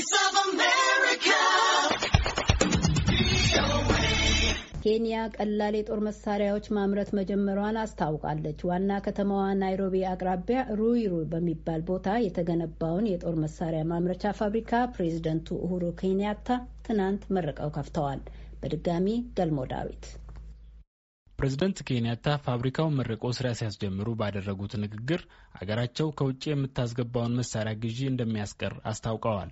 Voice of America. ኬንያ ቀላል የጦር መሳሪያዎች ማምረት መጀመሯን አስታውቃለች። ዋና ከተማዋ ናይሮቢ አቅራቢያ ሩይሩ በሚባል ቦታ የተገነባውን የጦር መሳሪያ ማምረቻ ፋብሪካ ፕሬዚደንቱ ኡሁሩ ኬንያታ ትናንት መርቀው ከፍተዋል። በድጋሚ ገልሞ ዳዊት ፕሬዝደንት ኬንያታ ፋብሪካውን መርቆ ስራ ሲያስጀምሩ ባደረጉት ንግግር አገራቸው ከውጭ የምታስገባውን መሳሪያ ግዢ እንደሚያስቀር አስታውቀዋል።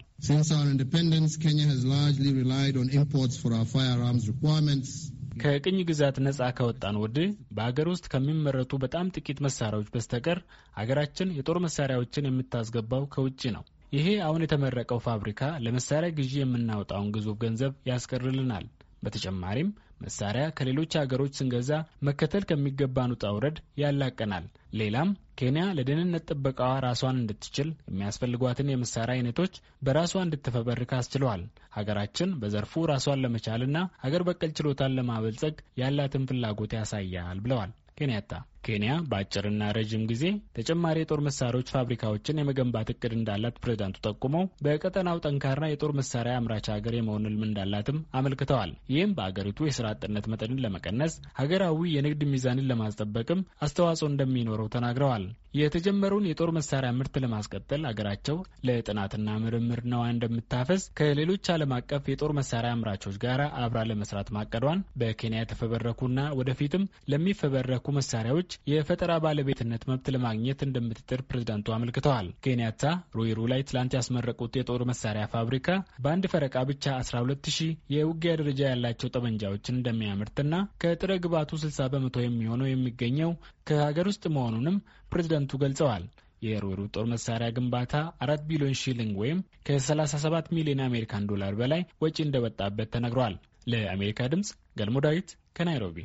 ከቅኝ ግዛት ነጻ ከወጣን ወዲህ በሀገር ውስጥ ከሚመረቱ በጣም ጥቂት መሳሪያዎች በስተቀር አገራችን የጦር መሳሪያዎችን የምታስገባው ከውጭ ነው። ይሄ አሁን የተመረቀው ፋብሪካ ለመሳሪያ ግዢ የምናወጣውን ግዙፍ ገንዘብ ያስቀርልናል። በተጨማሪም መሳሪያ ከሌሎች ሀገሮች ስንገዛ መከተል ከሚገባን ውጣ ውረድ ያላቀናል። ሌላም ኬንያ ለደህንነት ጥበቃዋ ራሷን እንድትችል የሚያስፈልጓትን የመሳሪያ አይነቶች በራሷ እንድትፈበርክ አስችለዋል። ሀገራችን በዘርፉ ራሷን ለመቻልና ሀገር በቀል ችሎታን ለማበልጸግ ያላትን ፍላጎት ያሳያል ብለዋል ኬንያታ። ኬንያ በአጭርና ረዥም ጊዜ ተጨማሪ የጦር መሳሪያዎች ፋብሪካዎችን የመገንባት እቅድ እንዳላት ፕሬዚዳንቱ ጠቁመው በቀጠናው ጠንካራ የጦር መሳሪያ አምራች ሀገር የመሆን ልም እንዳላትም አመልክተዋል። ይህም በአገሪቱ የስራ አጥነት መጠንን ለመቀነስ፣ ሀገራዊ የንግድ ሚዛንን ለማስጠበቅም አስተዋጽኦ እንደሚኖረው ተናግረዋል። የተጀመረውን የጦር መሳሪያ ምርት ለማስቀጠል አገራቸው ለጥናትና ምርምር ነዋ እንደምታፈስ ከሌሎች ዓለም አቀፍ የጦር መሳሪያ አምራቾች ጋር አብራ ለመስራት ማቀዷን በኬንያ የተፈበረኩና ወደፊትም ለሚፈበረኩ መሳሪያዎች ሀገሮች የፈጠራ ባለቤትነት መብት ለማግኘት እንደምትጥር ፕሬዚዳንቱ አመልክተዋል። ኬንያታ ሩይሩ ላይ ትላንት ያስመረቁት የጦር መሳሪያ ፋብሪካ በአንድ ፈረቃ ብቻ 12 ሺህ የውጊያ ደረጃ ያላቸው ጠመንጃዎችን እንደሚያመርትና ከጥረ ግባቱ 60 በመቶ የሚሆነው የሚገኘው ከሀገር ውስጥ መሆኑንም ፕሬዚዳንቱ ገልጸዋል። የሩይሩ ጦር መሳሪያ ግንባታ አራት ቢሊዮን ሺሊንግ ወይም ከ37 ሚሊዮን አሜሪካን ዶላር በላይ ወጪ እንደወጣበት ተነግሯል። ለአሜሪካ ድምፅ ገልሞ ዳዊት ከናይሮቢ